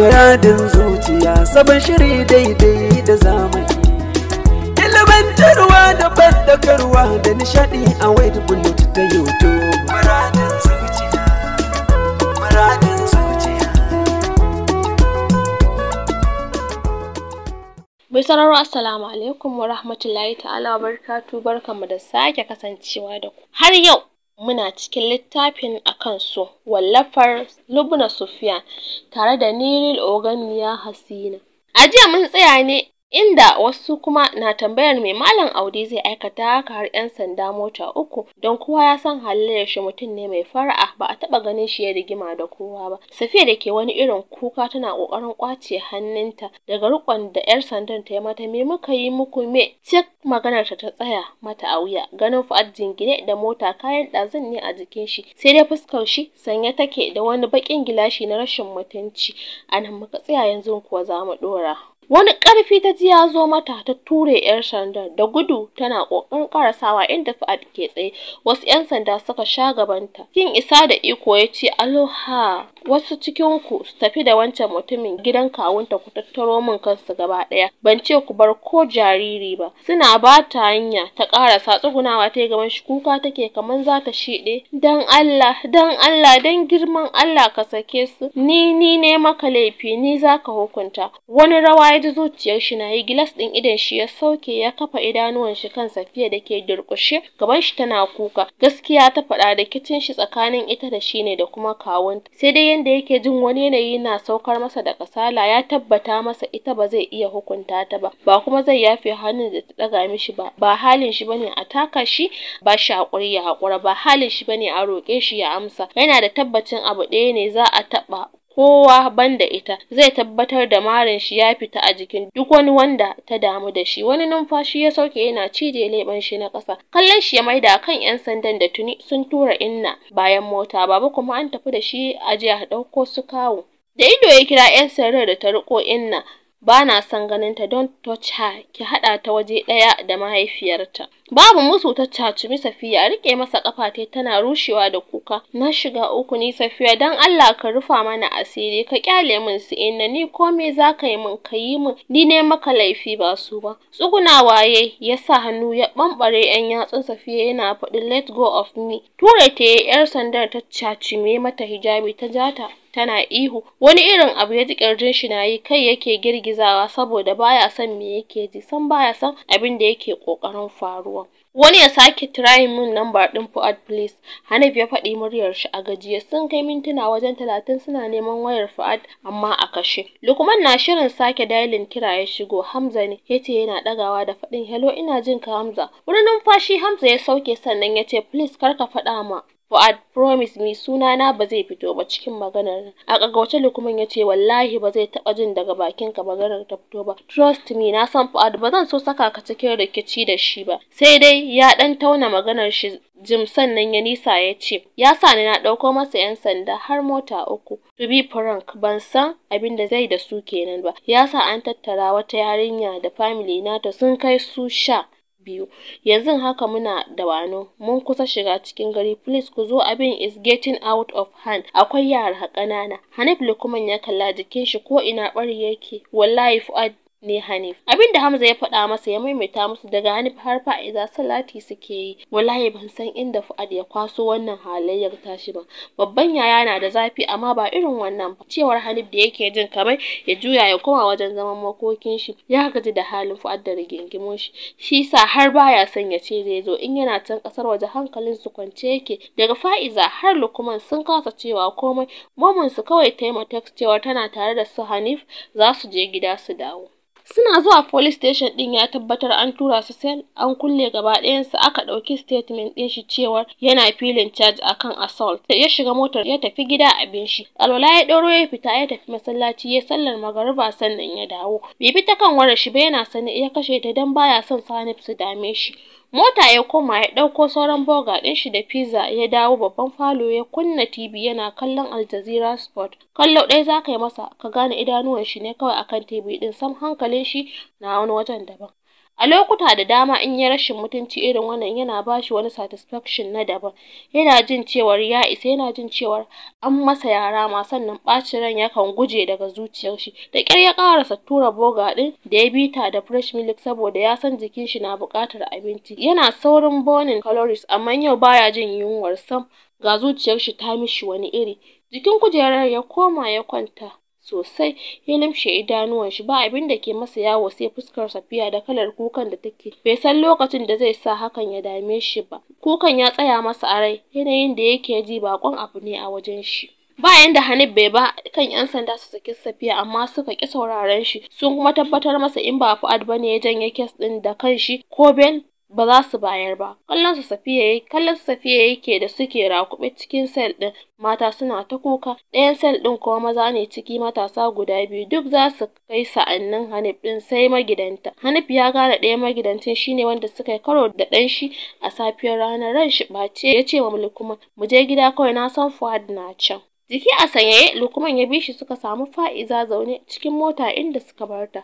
Muradin zuciya sabon shiri daidai da zamani Ilimantarwa da bandakarwa da nishadi a wade bullet ta YouTube Muradin zuciya Muradin zuciya Mai sararo Assalamu alaikum wa rahmatullahi ta'ala wa barkatu barkanmu da sake kasancewa da ku Har yau Muna cikin littafin a kan su, wallafar Lubna Sufiya tare da Nilil Neel ya hasina. A jiya mun tsaya ne inda wasu kuma na tambayar mai Malam Audi zai aikata haka har 'yan sanda mota uku don kowa ya san halayyar shi mutum ne mai fara'a ba a taɓa ganin shi ya rigima da kowa ba. Safiya da ke wani irin kuka tana kokarin kwace hannunta daga rikon da 'yar sandan ta yi mata me muka yi muku me cik maganarta ta tsaya mata a wuya ganin fa'ad jingine da mota kayan ɗazun ne a jikin shi sai dai fuskar shi sanye take da wani bakin gilashi na rashin mutunci a muka tsaya yanzu kuwa za mu ɗora. Wani ƙarfi ta ji ya zo mata ta ture 'yar sandar da gudu tana ƙoƙarin ƙarasawa inda Fuad ke tsaye, wasu 'yan sanda suka sha gabanta. Kin isa da iko ya ce, "Aloha!" wasu cikin ku su tafi da wancan mutumin gidan kawunta ku tattaro min kansu gaba ɗaya ban ce ku bar ko jariri ba suna ba ta hanya ta ƙarasa tsugunawa ta yi gaban shi kuka take kamar za ta shiɗe dan Allah dan Allah dan girman Allah ka sake su ni ni ne maka laifi ni za ka hukunta wani rawa ya ji zuciyar shi na yi gilas ɗin idan shi ya sauke ya kafa idanuwan shi kan safiya da ke durƙushe gaban shi tana kuka gaskiya ta faɗa da kicin shi tsakanin ita da shi ne da kuma kawunta sai dai yadda yake jin wani yanayi na saukar masa da kasala ya tabbata masa ita ba zai iya hukunta ta ba ba kuma zai yafe hannun da ta daga mishi ba ba halin shi bane a taka shi ba shi hakuri ya hakura ba halin shi bane a roke shi ya amsa yana da tabbacin abu ɗaya ne za a taba kowa banda ita zai tabbatar da marin shi ya fita a jikin duk wani wanda ta damu da shi wani numfashi ya sauke yana cije leban shi na ƙasa kallon shi ya maida kan yan sandan da tuni sun tura inna bayan mota baba kuma an tafi da shi a jiya ɗauko su kawo da ido ya kira yan sanda da ta riko inna bana son ganin ta don touch her ki haɗa ta waje ɗaya da mahaifiyarta Babu musu ta cacimi Safiya, rike masa kafa tai tana rushewa da kuka. Na shiga uku ni Safiya dan Allah ka rufa mana asiri, ka kyale min su inna ni me za ka yi min ka yi min ni ne maka laifi ba su ba. Tsuguna waye ya sa hannu ya bambare yan yatsun Safiya yana faɗin let go of me. Ture ta yar sandar ta cacime mata hijabi ta jata. tana ihu wani irin abu ya ji kirjin shi nayi kai yake girgizawa saboda baya son me yake ji san baya san abin da yake kokarin faruwa Wani ya sake tirayi min lamba ɗin Fuad please. Hanaf ya faɗi muryar shi a gajiya Sun kai mintuna wajen talatin suna neman wayar Fuad amma a kashe. Lukman na shirin sake dailin kira ya shigo, Hamza ne, ya ce yana ɗagawa da faɗin "hello ina jin ka Hamza". Wani numfashi Hamza ya sauke sannan ya ce "please kar ka faɗa ma Fuad promise me sunana ba zai fito ba cikin maganar nan. A ƙaggauce Lukman ya ce wallahi ba zai taɓa jin daga bakin ka maganar ta fito ba. Trust me na san Fuad ba zan so saka ka cikin rikici da shi ba. Sai dai ya ɗan tauna maganar shi Jim sannan ya nisa ya ce, Ya sa ni na ɗauko masa 'yan sanda har mota uku. To be frank, ban san abin da zai da su kenan ba. Ya sa an tattara wata yarinya da family nata sun kai su sha. biyu. Yanzu haka muna da Wano, mun kusa shiga cikin gari, please ku zo abin is getting out of hand. Akwai yara ƙanana. Hanif Lukman ya kalla jikin shi ko ina ɓari yake. Wallahi Fuad ne Hanif abinda Hamza ya faɗa masa ya maimaita musu daga Hanif har Fa'iza salati suke yi wallahi ban san inda Fuad ya kwaso wannan halayyar tashi ba babban yaya na da zafi amma ba irin wannan ba cewar Hanif da yake jin kamar ya juya ya koma wajen zaman makokin shi ya gaji da halin Fuad da rigingimun shi shi sa har baya son ya ce zai zo in yana can kasar waje hankalin su kwance yake daga Fa'iza har Lukman sun kasa cewa komai momin su kawai taimaka cewa tana tare da su Hanif za su je gida su dawo Suna zuwa police station ɗin ya tabbatar an tura su sel an kulle gaba ɗayansu aka ɗauki statement ɗin shi cewar yana filin charge akan assault. Ya shiga motar ya tafi gida abin shi. Alwala ya ɗauro ya fita ya tafi masallaci ya sallar magariba sannan ya dawo. Bai bi ta kan wayar shi ba yana sane ya kashe ta dan baya son Sanif su dame shi. Mota ya koma ya ɗauko sauran boga ɗin shi da pizza ya dawo babban falo ya kunna tv yana kallon Al Jazeera Sport. Kallo ɗaya za ka yi masa, ka gane idanuwan shi ne kawai akan tv tibi ɗin sam hankalin shi na wani wajen daban. a lokuta da dama in yi rashin mutunci irin wannan yana ba shi wani satisfaction na daban yana jin cewar ya isa yana jin cewar an masa yara ma sannan ɓacin ran yakan guje daga zuciyar shi da kyar ya ƙarasa tura boga ɗin da ya bita da fresh milk saboda ya san jikin shi na buƙatar abinci yana saurin burning calories amma yau baya jin yunwar sam ga zuciyar shi ta mishi wani iri jikin kujerar ya koma ya kwanta sosai ya limshe idanuwan shi ba abin da ke masa yawo sai fuskar Safiya da kalar kukan da take bai san lokacin da zai sa hakan ya dame shi ba kukan ya tsaya masa a rai yanayin da yake ji bakon abu ne a wajen shi ba yanda Hanif bai ba kan yan sanda su saki Safiya amma suka ki sauraren shi sun kuma tabbatar masa in ba Fuad bane ya janye kes din da kanshi ko Ben ba za su bayar ba kallon su safiya kallon su safiya yake da suke rakube cikin sel din mata suna ta kuka ɗayan sel din kuma maza ne ciki matasa guda biyu duk za su kai sa'annin Hanif din sai magidanta Hanif ya gane ɗaya magidancin shine wanda suka karo da ɗan shi a safiyar ranar ran shi bace ya ce wa Mulkuma mu je gida kawai na san Fuad na can jiki a sanyaye lukuman ya bi shi suka samu fa'iza zaune cikin mota inda suka bar ta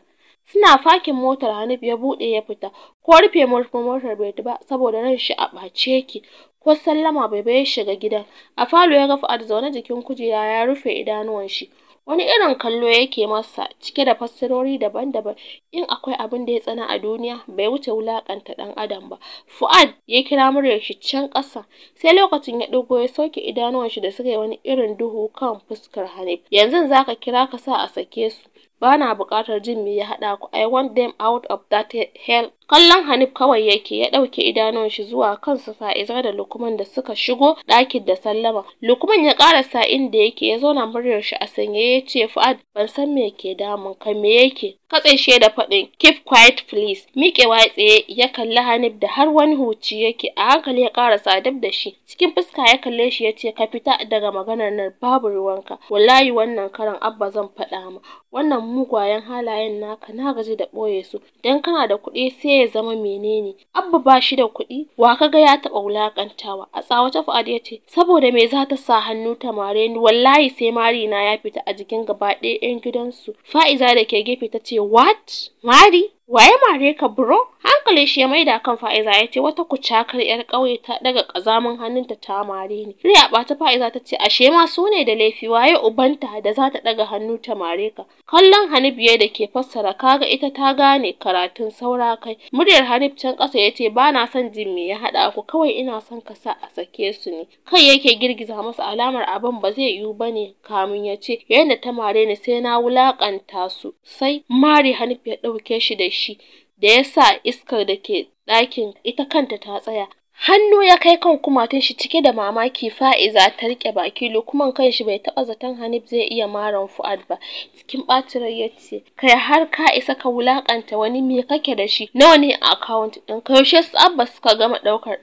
Suna fakin motar Hanif ya buɗe ya fita, ko rufe murfin motar bai yi ba saboda shi a bace yake, ko sallama bai bai shiga gidan. A falo ya ga Fuad zaune jikin kujera ya rufe idanuwanshi. Wani irin kallo yake masa, cike da fassarori daban-daban. In akwai abin da ya tsana a duniya, bai wuce wulaƙanta ɗan adam ba. Fuad ya kira shi can ƙasa, sai lokacin ya dogo ya sauke idanuwanshi da suka yi wani irin duhu kan fuskar Hanif. Yanzu zaka kira ka sa a sake su. Ba na buƙatar jin me ya haɗa ku, I want them out of that hell. Kallon Hanif kawai yake, ya ɗauke shi zuwa kan kansu Fa'iza da Lukman da suka shigo ɗakin da sallama. Lukman ya ƙara sa inda yake ya zauna shi a sanye ya ce fa'ad. ban san me ke damun ka me yake. Katse shi da faɗin keep quiet please. Miƙewa tsaye ya kalli Hanif da har wani huci yake a hankali ya ƙarasa dab da shi. Cikin fuska ya kalle shi ya ce ka fita daga maganar nan babu ruwanka. Wallahi wannan karan Abba zan faɗa ma. wannan mugayen halayen naka na gaji da ɓoye su dan kana da kuɗi sai ya zama menene Abba ba shi da kuɗi wa ka ga ya taɓa wulakantawa a tsawace Fuad ya ce saboda me za ta sa hannu ta mare ni wallahi sai mari na ya fita a jikin gaba ɗaya 'yan gidansu Fa'iza da ke gefe ta ce what mari waye mare ka bro hankali shi ya maida kan Fa'iza ya ce wata kucakar 'yar ƙauye ta daga ƙazamin hannunta ta mare ni. a ɓata Fa'iza ta ce ashe ma su ne da laifi waye ubanta da za ta daga hannu ta mare ka. Kallon Hanif ya da ke fassara kaga ita ta gane karatun saura kai. Muryar Hanif can ƙasa ya ce ba na son jin me ya haɗa ku kawai ina son ka sa a sake su ne. Kai yake girgiza masa alamar abin ba zai yiwu ba ne kamin ya ce yayin da ta mare ni sai na wulaƙanta su. Sai Mari Hanif ya ɗauke shi da shi da ya sa iskar da ke ɗakin ita kanta ta tsaya. hannu ya kai kan kumatun shi cike da mamaki Fa'iza ta rike baki kan kanshi bai taba zaton Hanif zai iya maran Fuad ba cikin batirar ya ce kai har ka isa ka wulakanta wani me kake da shi nawa ne a din ɗinka yaushe su Abba suka gama ɗaukar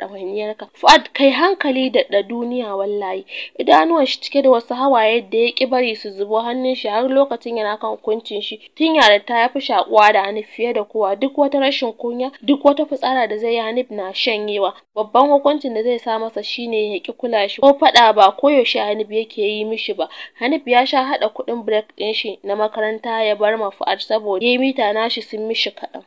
ka Fuad kai hankali da da duniya wallahi idanuwan shi cike da wasu hawaye da ya ki bari su zubo hannun shi har lokacin yana kan kuncin shi tun yara ta yafi shakuwa da Hanif fiye da kowa duk wata rashin kunya duk wata fitsara da zai yi Hanif na shanyewa babban hukuncin da zai sa masa shine ya ki kula shi ko faɗa ba koyaushe Hanif yake yi mishi ba Hanif ya sha haɗa kuɗin break ɗin shi na makaranta ya bar ma Fuad saboda yayi mita nashi sun mishi kaɗan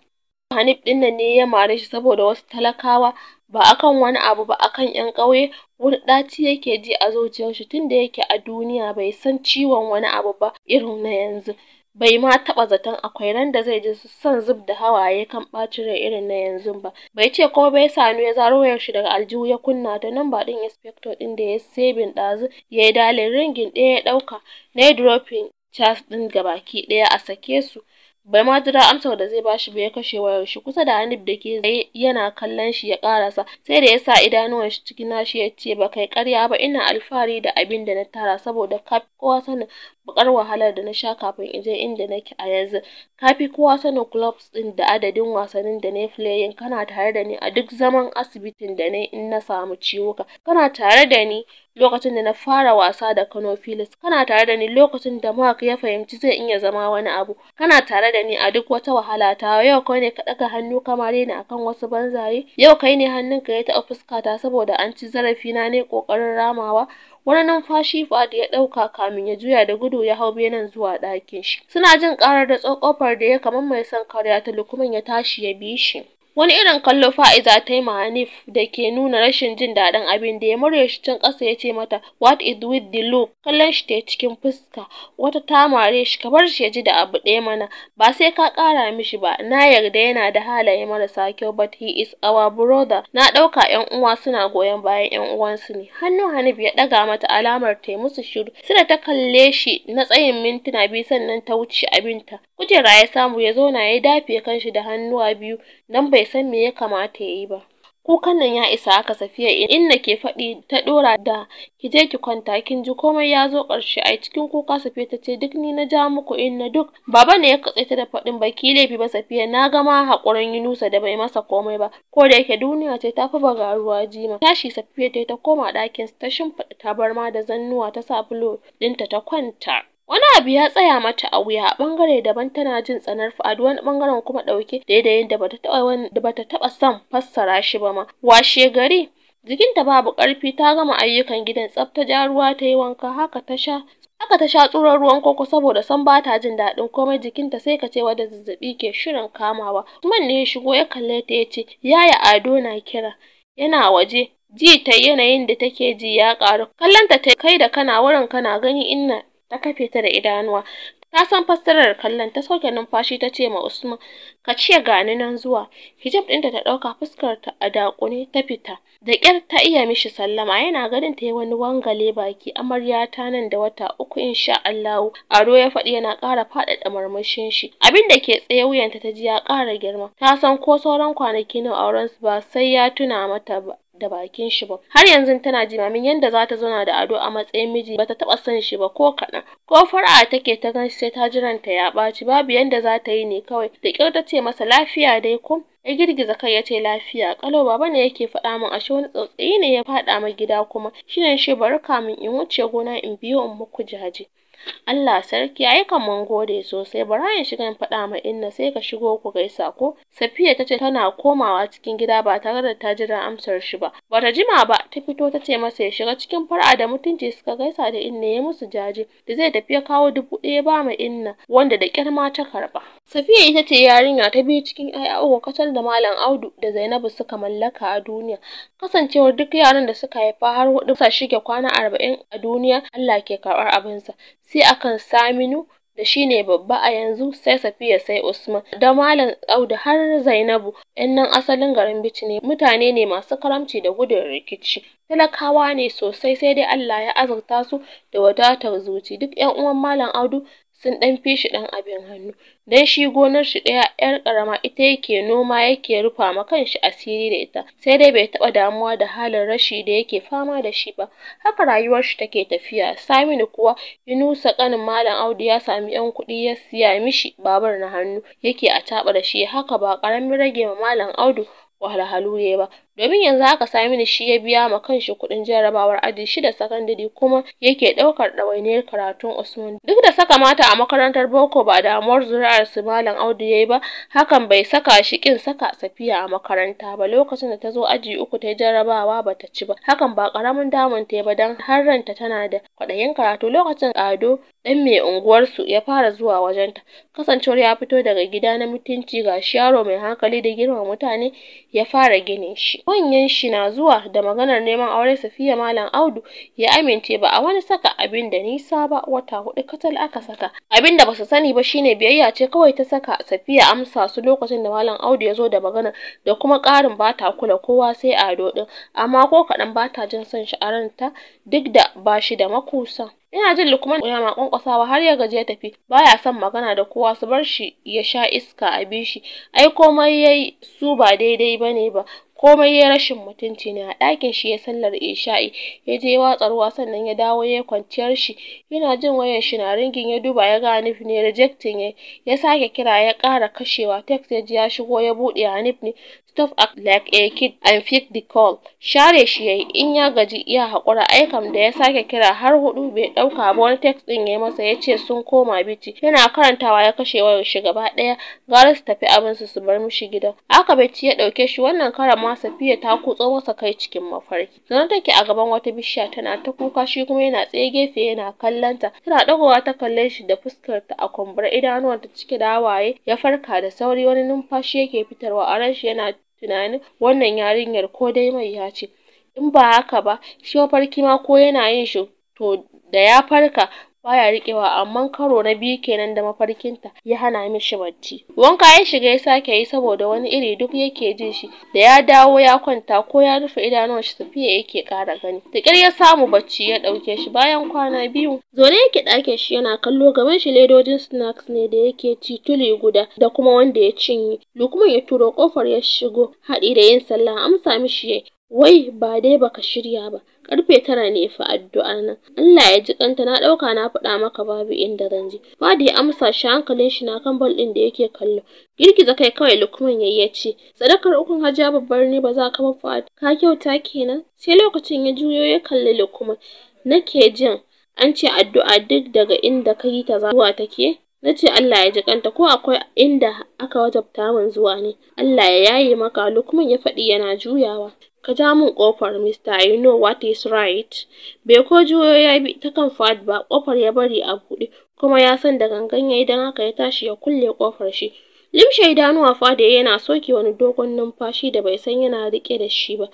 Hanif din nan ne ya mare shi saboda wasu talakawa ba akan wani abu ba akan 'yan ƙauye wani ɗaci yake ji a zuciyar shi tunda yake a duniya bai san ciwon wani abu ba irin na yanzu bai ma taɓa zaton akwai ran da zai ji son zub da hawaye kan ɓacin rai irin na yanzu ba bai ce ko bai sanu ya zaro wayar shi daga aljihu ya kunna ta nan ba ɗin inspector ɗin da ya sebin ɗazu ya yi dalin ringin ɗaya ya ɗauka na yi dropping cas ɗin gabaki ɗaya a sake su bai ma jira amsar da zai bashi ba ya kashe wayar shi kusa da Hanif da ke zai yana kallon shi ya karasa sai da ya sa idanuwan shi cikin nashi ya ce ba kai karya ba ina alfahari da abin da na tara saboda kafi kowa sanin bakar wahalar da na sha kafin in je inda nake a yanzu kafi kowa sanin clubs din da adadin wasannin da na playing kana tare da ni a duk zaman asibitin da na in na samu ciwuka kana tare da ni lokacin da na fara wasa da Kano Felix kana tare da ni lokacin da Mark ya fahimci zai iya zama wani abu kana tare da ni a duk wata wahala ta yau kai ne ka daga hannu kamar ni akan wasu banzaye yau kai ne hannunka ya taɓa ta saboda an ci zarafi na ne kokarin ramawa wani numfashi da ya ɗauka kamin ya juya da gudu ya hau benen zuwa ɗakin shi. Suna jin ƙarar da tsokofar da ya kamar mai son karya ta lukuman ya tashi ya bi shi. Wani irin kallo Fa'iza ta yi ma Hanif da ke nuna rashin jin daɗin abin da ya murya shi can ƙasa ya ce mata “What is with the look?” Kallon shi ta yi cikin fuska wata ta mare shi “Ka bar shi ya ji da abu ɗaya mana, ba sai ka ƙara mishi ba, na yarda yana da halaye marasa kyau but he is our brother, na ɗauka ƴan uwa suna goyon bayan ƴan uwansu ne.” Hannu Hanif ya ɗaga mata alamar ta yi musu shiru suna ta kalle shi na tsayin mintuna biyu sannan ta wuce abinta. Kujera ya samu ya zo na ya dafe kanshi da hannuwa biyu don bai san me ya kamata ya yi ba. Kukan nan ya isa aka Safiya inna ke faɗi ta ɗora da ki je ki kwanta kin ji komai ya zo ƙarshe a cikin kuka Safiya ta ce duk ni na ja muku na duk baba ne ya katse ta da faɗin baki laifi ba Safiya na gama haƙurin Yunusa da bai masa komai ba ko da yake duniya ce ta fi baga ruwa jima tashi Safiya ta ta koma ɗakin ta shimfiɗa tabarma da zannuwa ta sa bulo ɗinta ta kwanta. wani abu ya tsaya mata a wuya a bangare daban tana jin tsanar Fuad wani bangaren kuma dauke daidai da bata taba da bata taba son fassara shi ba ma washe gari jikinta babu karfi ta gama ayyukan gidan tsaf ruwa ta yi wanka haka ta sha haka ta sha tsuron ruwan koko saboda san ba ta jin daɗin komai jikinta sai ka ce wadda zazzabi ke shirin kamawa Usman ne ya shigo ya kalle ta ya ce yaya ado na kira yana waje ji ta yanayin da take ji ya karu Kallonta ta kai da kana wurin kana gani inna ta kafe ta da idanuwa ta san fassarar kallon ta sauke numfashi ta ce ma Usman ka ce gani nan zuwa hijab da ta ɗauka fuskar ta a dakune ta fita da kyar ta iya mishi sallama yana ganin ta yi wani wangale baki amarya ta nan da wata uku insha Allah aro ya faɗi yana ƙara faɗaɗa marmashin shi Abinda ke tsaye wuyanta ta ji ya ƙara girma ta san ko sauran kwanaki na auren su ba sai ya tuna mata ba da bakin shi ba har yanzu tana jimamin yadda za ta zauna da ado a matsayin miji bata taba san shi ba ko kaɗan ko fara'a take ta gan sai ta jiranta ya ɓaci babu yadda za ta yi ne kawai da kyau ta ce masa lafiya dai ko ya girgiza kai ya ce lafiya kalo baba ne yake faɗa min ashe wani tsautsayi ne ya faɗa ma gida kuma shine shi bari kamin in wuce gona in biyo in muku jaje Allah sarki ai kam mun gode sosai bara shigan shiga in faɗa ma inna sai ka shigo ku gaisa ko Safiya ta ce tana komawa cikin gida ba tare da ta jira amsar shi ba bata jima ba ta fito ta ce masa ya shiga cikin fara da mutunci suka gaisa da inna ya musu jaje da zai tafi ya kawo dubu ɗaya ba ma inna wanda da kyar ma ta karba Safiya ita ce yarinya ta biyu cikin ƴaƴa uku kacal da Malam Audu da Zainabu suka mallaka a duniya kasancewar duk yaran da suka haifa har hudu sa shige kwana arba'in a duniya Allah ke karɓar abinsa sai akan Saminu da shi ne babba a yanzu sai Safiya sai Usman da Malam Audu har Zainabu ƴan nan asalin garin Bichi ne mutane ne masu karamci da gudun rikici talakawa ne sosai sai dai Allah ya azurta su da wadatar zuci duk 'yan uwan Malam Audu sun ɗan fi shi ɗan abin hannu, don shi gonar shi ɗaya 'yar ƙarama ita yake noma yake rufa ma kanshi asiri da ita, sai dai bai taɓa damuwa da halin rashi da yake fama da shi ba. Haka rayuwar shi take tafiya. Saminu kuwa, Yunusa ƙanin Malam Audu ya sami 'yan kuɗi ya siya mishi babur na hannu, yake taɓa da shi, haka ba ƙaramin rage ma Malam Audu wahalhalu ne ba. domin yanzu haka Saminu shi ya biya ma kanshi kuɗin jarabawar aji shida sakandare kuma yake ɗaukar ɗawainiyar karatun Usman. Duk da saka mata a makarantar boko ba damuwar zuri'ar su Malam Audu yayi ba, hakan bai saka shi kin saka Safiya a makaranta ba lokacin da ta zo aji uku ta jarrabawa ba ta ci ba. Hakan ba ƙaramin damun ta ba don har ranta tana da kwaɗayin karatu lokacin Ado ɗan mai unguwarsu ya fara zuwa wajenta. Kasancewar ya fito daga gida na mutunci ga yaro mai hankali da girma mutane ya fara ginin shi. manyan shi na zuwa da maganar neman auren Safiya Malam Audu ya amince ba a wani saka abin da nisa ba wata hudu katal aka saka abin da basu sani ba shine biyayya ce kawai ta saka Safiya amsa su lokacin da Malam Audu ya zo da maganar da kuma ƙarin bata kula kowa sai Ado din amma ko kaɗan bata jin son shi a ranta duk da ba shi da makusa ina jin lukman yana kwankwasawa har ya gaje ya tafi baya son magana da kowa su bar shi ya sha iska a bishi ai komai yayi su ba daidai bane ba komai yayi rashin mutunci ne a ɗakin shi ya sallar isha'i je ya watsa ruwa sannan ya dawo ya kwanciyar shi yana jin wayan shi na ringin ya duba ya ga Hanif ne rejecting ya sake kira ya ƙara kashewa text ji ya shigo ya buɗe Hanif ne Christoph act like a kid and pick the call. Share shi yayi in ya gaji ya haƙura aikam da ya sake kira har hudu bai ɗauka ba wani text ɗin ya masa ya ce sun koma bici. Yana karantawa ya kashe wayar shi gaba ɗaya gara su tafi abin su su bar mishi gidan. Aka ya ɗauke shi wannan karan ma Safiya ta kutso masa kai cikin mafarki. Zanen take a gaban wata bishiya tana ta kuka shi kuma yana tsaye gefe yana kallonta. Tana ɗagowa ta kalle shi da fuskarta a kumbura idanuwanta cike da hawaye ya farka da sauri wani numfashi yake fitarwa a ran shi yana tunanin wannan yarinyar ko dai mai ya ce in ba haka ba shi mafarki ma ko yana yin shi to da ya farka baya riƙewa amma karo na biyu kenan da mafarkinta ya hana mishi bacci wanka ya shiga ya sake yi saboda wani iri duk yake jin shi da ya dawo ya kwanta ko ya rufe idanuwan shi tafiya yake kara gani da ya samu bacci ya ɗauke shi bayan kwana biyu zone yake ɗakin shi yana kallo gaban shi ledojin snacks ne da yake ci tuli guda da kuma wanda ya cinye lukman ya turo kofar ya shigo haɗi da yin sallah amsa mishi Wai ba dai baka shirya ba, Karfe tara ne fa addu'a nan, Allah ya ji kanta na ɗauka na faɗa maka babu inda zan je. Fadi ya amsa shi hankalin shi na kan bal ɗin da yake kallo. Girgiza kai kawai Lukman yayi yace "Sadakar ukun Hajiya babbar ne ba za ka ba Fuad, ka kyauta kenan." Sai lokacin ya juyo ya kalli Lukman. Nake jin an ce addu'a duk daga inda ka yi ta zuwa take? na ce Allah ya ji kanta ko akwai inda aka wajabta min zuwa ne Allah ya yaye maka Lukman ya faɗi yana juyawa “Ka ja min ƙofar, Mr. you know what is right,” bai ko juyo ya bi ta kan Fad ba, ƙofar ya bari a buɗe kuma ya san da gangan ya yi haka ya tashi ya kulle ƙofar shi. Limshe idanuwa Furyk yana soke wani dogon numfashi da bai san yana riƙe da shi ba.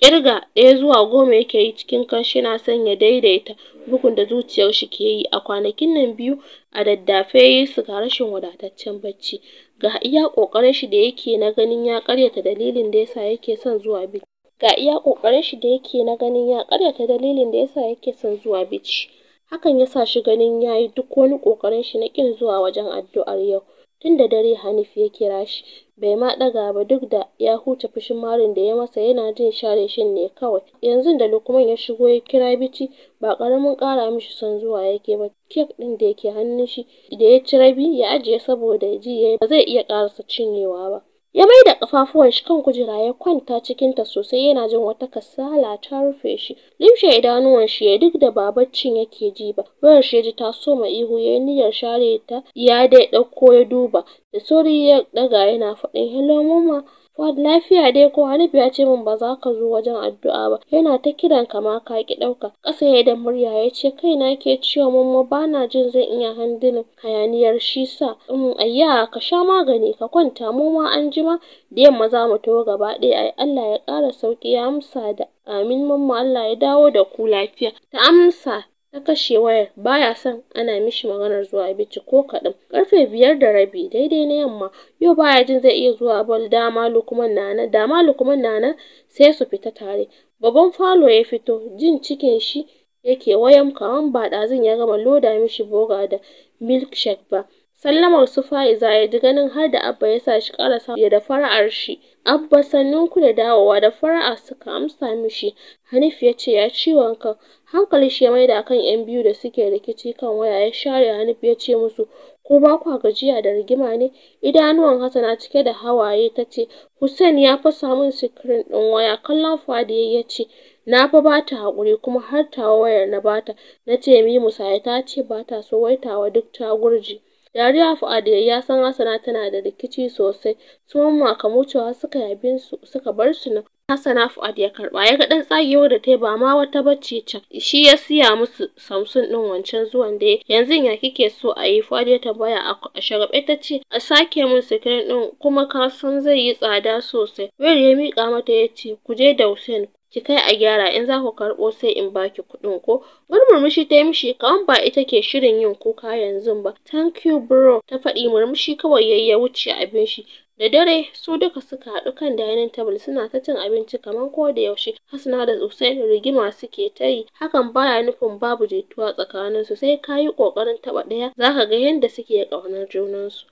Ƙirga ɗaya zuwa goma yake yi cikin kanshi yana son ya daidaita bugun da zuciyar shi ke yi a kwanakin nan biyu a daddafe ya yi su ga rashin wadataccen bacci, ga iya ƙoƙarin shi da yake na ganin ya ƙaryata dalilin da yasa yake son zuwa biki. ga iya kokarin shi da yake na ganin ya karyata dalilin da yasa yake son zuwa bici. Hakan yasa shi ganin yayi duk wani kokarin shi na kin zuwa wajen addu'ar yau. Tun da dare Hanif ya kira shi, bai ma daga ba duk da ya huta fushin marin da ya masa yana jin share shin ne kawai. Yanzu da Lukman ya shigo ya kira bici ba ƙaramin kara mishi son zuwa yake ba. Kek ɗin da yake hannun shi da ya ci rabi ya ajiye saboda ji yayi ba zai iya karasa cinyewa ba. ya da kafafuwan shi kan kujera ya kwanta cikinta sosai yana jin wata kasala ta rufe shi limshe idanuwan shi ya duk da babaccin yake ji ba wayar shi ji ta soma ihu ya niyyar share ta ya dai dauko ya duba da sauri ya ɗaga yana faɗin hello mama Fuad lafiya dai ko Hanif ya ce min ba za ka zo wajen addu'a ba yana ta kiran ka ma ka ki ɗauka. Ƙasa ya da murya ya ce kai na ke ciwo mu. ba na jin zan iya handilin hayaniyar shi sa. ayya ka sha magani ka kwanta mu ma an jima da yamma za mu taho gaba ɗaya ai Allah ya ƙara sauki ya amsa da amin mamma Allah ya dawo da ku lafiya. Ta amsa ta kashe wayar baya son ana mishi maganar zuwa abinci ko kaɗan. Karfe biyar da rabi daidai na yamma yau baya jin zai iya zuwa bal dama lukuman nana nan dama Lukman na sai su fita tare. Babban falo ya fito jin cikin shi yake wayam kaman ba ɗazun ya gama loda mishi boga da milkshake ba. Sallamar su Fa'iza ya ji ganin har da Abba ya sa shi ƙarasawa fiye da fara'ar shi, "Abba ku da dawowa" da fara'a suka amsa mishi, Hanif ya ce "ya ciwon kan?" hankali shi ya maida kan 'yan biyu da suke rikici kan waya, ya share Hanif ya ce musu "ko ba kwa gajiya da rigima ne?" Idanuwan Hassana cike da hawaye ta ce "Hussein ya fasa min sikirin ɗin waya" kallon Fadi ya ce "na fa ba ta haƙuri kuma har tawa wayar na bata. na ce mu yi musaya ta ce ba ta so wai tawa duk ta gurji Dariya Fuad ya san Hassana tana da rikici sosai, su Umma kam suka yi su suka bar su nan. Hassana Fuad ya karɓa, ya ga ɗan tsagewa da ta yi ba ma wata bacci can. Shi ya siya musu samsun ɗin wancan zuwan da ya yanzu ya kike so a yi Fuad ya tambaya a shagwaɓe ta ce a sake mun sikirin ɗin kuma ka san zai yi tsada sosai. Wayar ya miƙa mata ya ce ku je da Hussein ki kai a gyara in za ku karɓo sai in ba ki kuɗin ko murmurmushi ta yi mishi kawan ba ita ke shirin yin kuka yanzu ba thank you bro ta faɗi murmushi kawai ya ya wuce abin shi da dare su duka suka haɗu kan dining table suna ta cin abinci kamar ko da yaushe hasna da Usain rigima suke ta yi hakan baya nufin babu jituwa tsakaninsu sai ka yi ƙoƙarin taɓa ɗaya za ka ga yadda suke ƙaunar junansu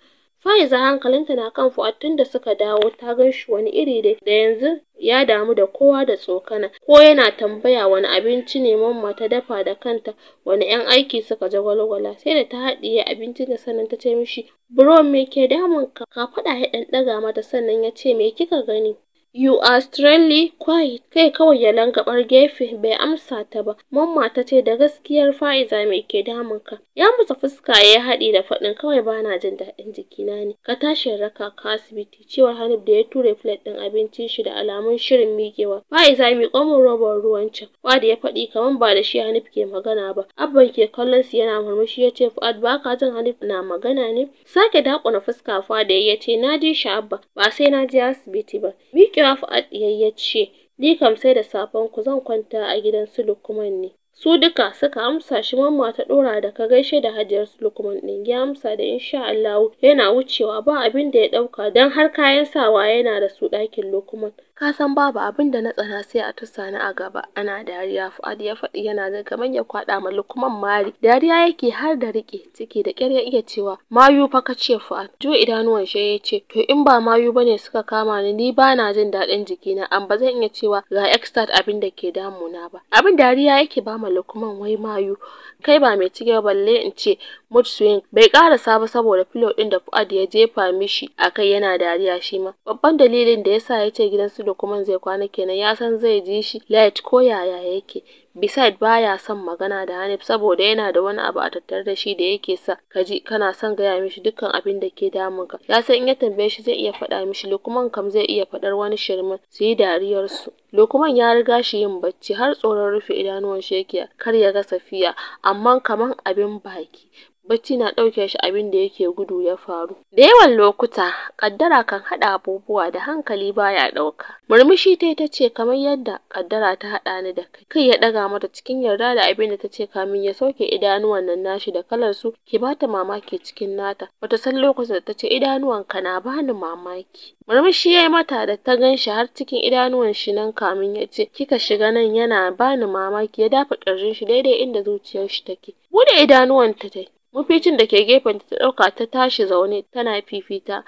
Faiza hankalinta na kan Fuad tun da suka dawo ta gan shi wani iri da yanzu ya damu da kowa da tsokana, ko yana tambaya wani abinci ne Mamma ta dafa da kanta, wani 'yan aiki suka walwala sai da ta haɗiye da sannan ta ce mishi: "Bro me ke damunka?" faɗa ya ɗan ɗaga mata sannan ya ce: "Me kika gani?" “You're strictly quiet” kai kawai ya langa gefe bai amsa ta ba, Mamma ta ce da gaskiyar Faiza mai ke damun ka, ya mutsa fuska ya haɗi da faɗin kawai bana jin daɗin jikina ne, ka tashi raka ka asibiti cewar Hanif da ya ture plate ɗin abincin shi da alamun shirin miƙewa. Faiza miƙo min robar ruwan can, da ya faɗi kaman ba da shi Hanif ke magana ba, Abban ke kallon su yana murmushi ya ce ba baka jin Hanif na magana ne? Sake na fuska Fuad yayi ya ce na ji shi Abba ba sai na je asibiti ba. Miƙe Jiya Fuad ya ce, "Ni kam sai da safen ku zan kwanta a gidan su Lukman ne." Su duka suka amsa shi Mamma ta dora da ka gaishe da Hajiyar su Lukman ɗin ya amsa da insha Allah yana wucewa ba abin da ya ɗauka don har kayan sawa yana da su dakin Lukman. Ka san babu abin da na tsana sai a tusa ni a gaba ana dariya Fuad ya faɗi yana ga kamar ya kwaɗa ma Lukman mari. Dariya yake har da rike ciki da ƙyar iya cewa mayu fa ka ce Fuad. Jo idanuwan shi ya ce to in ba mayu bane suka kama ni ni ba na jin daɗin jikina an ba zan iya cewa ga extra abin da ke damuna ba. Abin dariya yake ba kammala kuma wai mayu, kai ba mai cike ba balle in ce mood swing. Bai karasa ba saboda filo ɗin da Fuad ya jefa mishi a kai yana dariya shi ma. Babban dalilin da yasa ya ce gidan su Lukman zai kwana kenan ya san zai ji shi light ko yaya yake. Beside ba ya son magana da Hanif saboda yana da wani abu a tattare da shi da yake sa ka ji kana son gaya mishi dukkan abin da ke damun ka Ya san in ya tambaye shi zai iya faɗa mishi, lokuman kam zai iya faɗar wani shirmin su yi dariyarsu. lokuman ya riga shi yin bacci har tsoron rufe idanuwan shi yake kar ya ga Safiya, amma kamar abin baki bacci na ɗauke shi abin da yake gudu ya faru. Da yawan lokuta, ƙaddara kan haɗa abubuwa da hankali baya ɗauka. Murmushi ta ta ce kamar yadda ƙaddara ta haɗa ni da kai. Kai ya ɗaga mata cikin yarda da abin da ta ce kamin ya sauke idanuwan nan nashi da kalar su ke bata mamaki cikin nata. Bata san lokacin da ta ce idanuwanka na bani mamaki. Murmushi ya yi mata da ta gan shi har cikin idanuwan shi nan kamin ya ce kika shiga nan yana bani mamaki ya dafa ƙirjin shi daidai inda zuciyar shi take. Bude idanuwan ta Muficin da ke gefenta ta ɗauka ta tashi zaune tana fifita,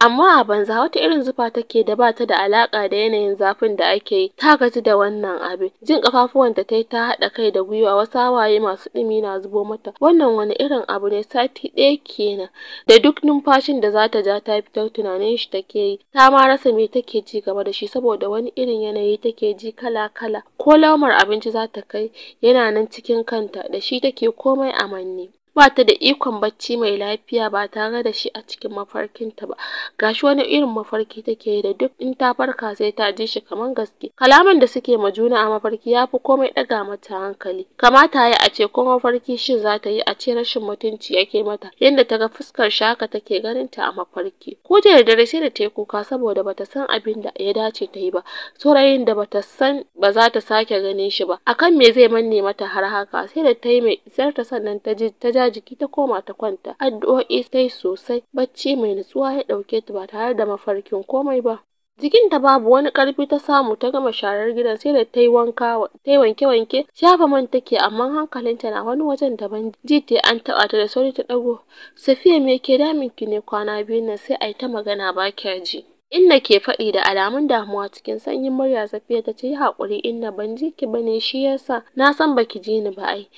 amma a banza wata irin zufa take da bata da alaƙa da yanayin zafin da ake yi. Ta gaji da wannan abin. Jin ƙafafuwanta tayi ta haɗa kai da gwiwa wasu hawaye masu ɗumi na zubo mata. Wannan wani irin abu ne sati ɗaya kenan da duk numfashin da za ta ja ta fitar tunanin shi take yi. Ta ma rasa me take ji gaba da shi saboda wani irin yanayi take ji kala-kala. Ko lamar abinci za ta kai yana nan cikin kanta da shi take komai a manne. ba ta da ikon bacci mai lafiya ba tare da shi a cikin mafarkinta ba, ga shi wani irin mafarki take yi da duk in ta farka sai ta ji shi kaman gaske. Kalaman da suke ma juna a mafarki ya fi komai ɗaga mata hankali. Kamata ya a ce ko mafarki shi za ta yi a ce rashin mutunci yake mata, yadda ta ga fuskar shi haka take ganin ta a mafarki. Ko da dare sai da ta yi kuka saboda bata san abin da ya dace ta yi ba, saurayin da bata san ba za ta sake ganin shi ba. Akan me zai manne mata har haka sai da ta yi mai zarta sannan ta ji ta a jiki ta koma ta kwanta addu'o'i sai sosai bacci mai nutsuwa ya ɗauke ta ba tare da mafarkin komai ba jikinta babu wani karfi ta samu ta gama sharar gidan sai da ta yi wanka ta yi wanke-wanke shafa man take amma hankalinta na wani wajen daban ji ta an taɓa ta da sauri ta ɗago safiya me ke damin ki ne kwana biyu nan sai a yi ta magana ba kya ji Inna ke faɗi da alamun damuwa cikin sanyin murya Safiya ta ce yi haƙuri Inna ban ji ki bane shi yasa na san baki ji ni ba ai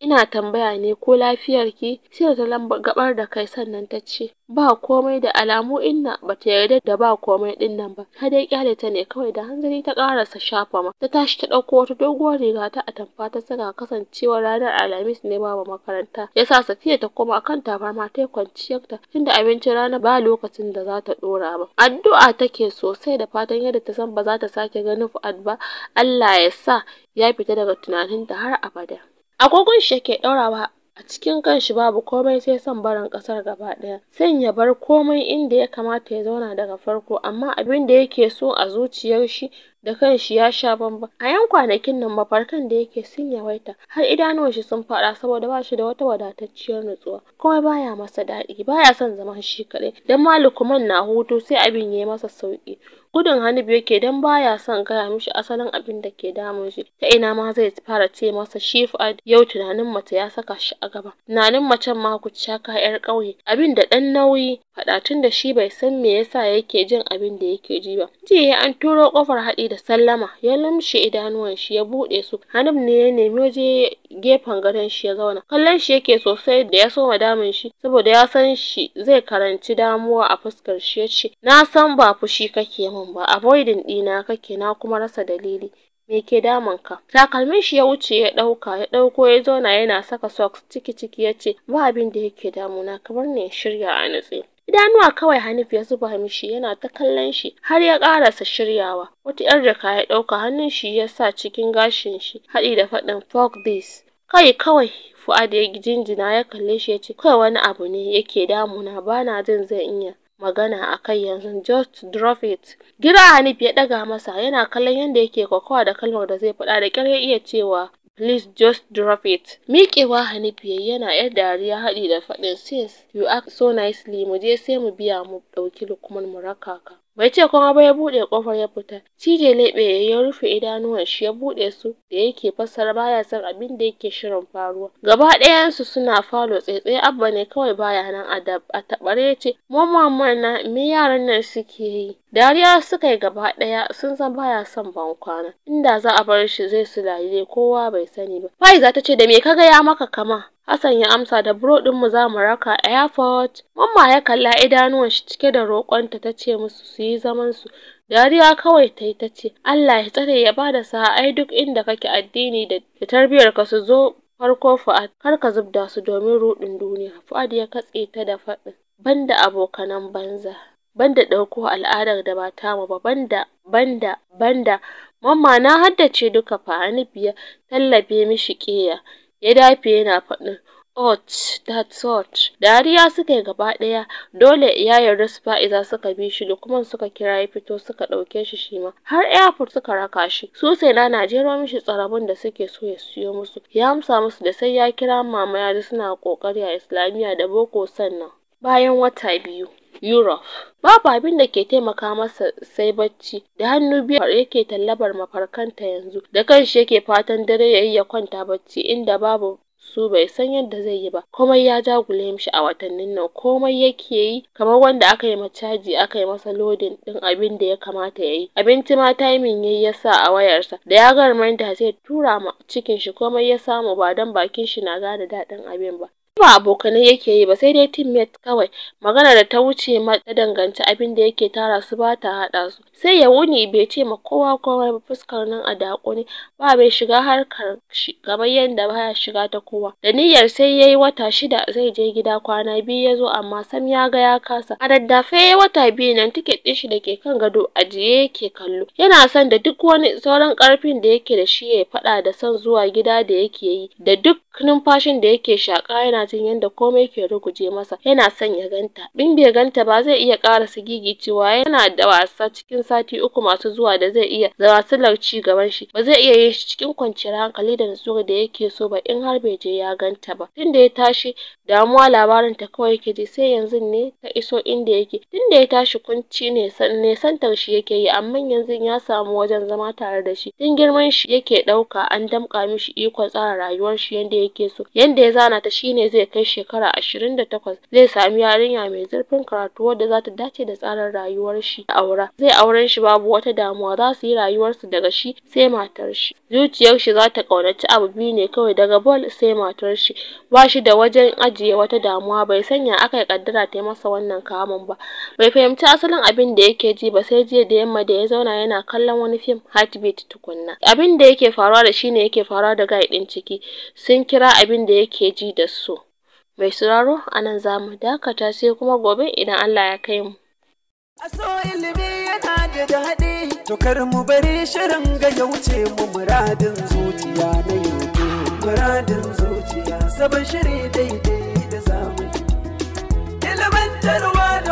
Ina tambaya ne ko lafiyarki, sai ta lamba gabar da kai sannan ta ce, "Ba komai, da alamu Inna ba ta yarda da ba komai ɗinnan ba, ta dai ƙyale ta ne kawai." Da hanzari ta karasa shafa ma ta tashi ta ɗauko wata doguwar riga ta atamfa ta saka, kasancewar ranar Alhamis ne ba makaranta yasa Safiya ta koma kan tabarma ta yi kwanciyarta tunda abincin rana ba lokacin da za ta ɗora ba. Addu'a take sosai da fatan yadda ta san ba za ta sake ganin Fuad ba, Allah ya sa ya fita daga tunaninta har abada. Agogon shi yake ɗaurawa a cikin kanshi babu komai sai son barin ƙasar gaba ɗaya, son ya bar komai inda ya kamata ya zauna daga farko, amma abin da yake so a zuciyar shi da kanshi ya sha bamban a yan kwanakin nan mafarkan da yake sun yawaita har idanuwan shi sun fada saboda ba shi da wata wadatacciyar nutsuwa kuma baya masa daɗi baya son zaman shi kaɗai dan ma lukman na hutu sai abin yayi masa sauki gudun Hanif yake dan baya son gaya mishi asalin abin da ke damun shi ta ina ma zai fara ce masa shi yau tunanin mace ya saka shi a gaba tunanin macen ma ku ka yar ƙauye abin da ɗan nauyi faɗa tun da shi bai san me yasa yake jin abin da yake ji ba ji an turo kofar haɗi da da sallama ya idanuwan shi ya bude su hannun ne ya nemi waje gefen gadon shi ya zauna kallon shi yake sosai da ya soma damun shi saboda ya san shi zai karanci damuwa a fuskar shi yace na san ba fushi kake min ba avoiding dina kake na kuma rasa dalili me ke damun ka takalmin shi ya wuce ya dauka ya dauko ya zauna yana saka socks ciki ciki yace ba abin da yake damuna kamar ne shirya a natse Idanuwa kawai Hanif ya zuba mishi yana ta kallon shi har ya karasa shiryawa. Wata 'yar jaka ya ɗauka hannun shi ya sa cikin gashin shi, Hadi da faɗin "fuck this" kai kawai Fuad ya jinjina ya kalle shi ya ce "kawai wani abu ne yake damuna ba na jin zan iya magana a kai yanzu, just drop it" Gira Hanif ya daga masa, yana kallon yadda yake kokawa da kalmar da zai faɗa da kyar ya iya cewa. Please just drop it." Miƙewa Hanif ya yana ‘yar dariya haɗi da faɗin, "Since you act so nicely, mu je sai mu biya mu ɗauki Lukman mu raka ka." Bai ce kuma ba ya buɗe ƙofar ya fita. CJ leɓe yayi ya rufe idanuwan shi ya buɗe su da yake fassara baya san abin da yake shirin faruwa. Gaba ɗayan suna falo tsaitsaye Abba ne kawai baya nan a a tabare ce, "Mu mamman na me yaran nan suke yi?" Dariya suka yi gaba ɗaya sun san baya son kwana Inda za a bar shi zai su sulale kowa bai sani ba. Faiza ta ce "Da me kaga ya maka kama?" Hassan ya amsa da “Buro dinmu za mu raka airport.” Mamma ya kalla shi cike da roƙonta ta ce musu su yi zaman su. Dariya kawai ta yi ta ce, “Allah ya tsare ya bada sa sa'a ai duk inda kake addini da ka su zo farko Fuad, kar ka zubda su domin ruɗin duniya.” Fuad ya katse ta da faɗin, “Banda abokanan banza, banda ɗauko al'adar da ba tamu ba, banda, banda, banda, mamma na haddace duka fa.” Hanif ya tallabe mishi ƙeya. ya dafe yana faɗin "ouch, that's hot." Dariya suka yi gaba ɗaya, dole ya yarda su Fa'iza suka bi shi, kuma suka kira ya fito suka ɗauke shi shi ma, har airport suka raka shi. Su Saina na jero mishi tsarabin da suke so ya siyo musu, ya amsa musu da sai ya kira mama ya ji suna ƙoƙari a Islamiyya da boko sannan. Bayan wata biyu. Europe. Babu abin da ke taimaka masa sai bacci, da hannu biyu yake tallabar mafarkanta yanzu, da kanshi yake fatan dare ya yi ya kwanta bacci inda babu su bai san yadda zai yi ba komai ya jagule mishi a watannin nan komai yake yi kamar wanda aka yi caji aka yi masa lodin din abin da ya kamata ya yi abinci ma timing yayi ya sa a wayarsa da ya ga reminder zai tura ma cikin shi komai ya samu ba dan bakin shi na gane daɗin abin ba ba abokanai yake yi ba sai dai teammate kawai, maganar da ta wuce ma ta danganci da yake tara su ba ta haɗa su. Sai ya wuni bai ce ma kowa komai ba fuskar nan a dakuni ba bai shiga harkar shi kamar yadda ba ya shiga ta kowa. Da niyyar sai yayi wata shida zai je gida kwana biyu ya zo amma sam ya ga ya kasa. A daddafe ya wata biyu nan tiket ɗin shi da ke kan gado ajiye yake kallo, yana son da duk wani sauran karfin da yake da shi ya fada faɗa da son zuwa gida da yake yi, da duk numfashin da yake shaka yana yana yadda komai ke ruguje masa yana son ya ganta in bai ganta ba zai iya ƙarasa gigicewa yana da wasa cikin sati uku masu zuwa da zai iya zama wasu ci gaban shi ba zai iya yin shi cikin kwanciyar hankali da nutsuwar da yake so ba in har bai je ya ganta ba tunda ya tashi damuwa labarin ta kawai yake ji sai yanzu ne ta iso inda yake tunda ya tashi kunci ne nesantar shi yake yi amma yanzu ya samu wajen zama tare da shi tun girman shi yake ɗauka an damƙa mishi ikon tsara rayuwar shi yadda yake so yanda ya zana ta shine zai zai kai shekara ashirin da takwas zai sami yarinya mai zurfin karatu wadda za ta dace da tsarin rayuwar shi da aura. Zai auren shi babu wata damuwa za su yi rayuwarsu daga shi sai matar shi. Zuciyar shi za ta ƙaunaci abu biyu ne kawai daga bol sai matar shi. Ba shi da wajen ajiye wata damuwa bai sanya aka yi kaddara ta yi masa wannan kamun ba. Bai fahimci asalin abin da yake ji ba sai jiya da yamma da ya zauna yana kallon wani fim heartbeat tukunna. Abin da yake faruwa da shi ne yake faruwa da guy ɗin ciki. Sun kira abin da yake ji da su. Mai sauraro a nan za mu dakata sai kuma gobe idan Allah ya kai mu. Aso ilimi yana da daɗi, tukar mu bari shirin ga ya wuce mu muradin zuciya na yau. Muradin zuciya sabon shiri daidai da zamani. Ilimantarwa da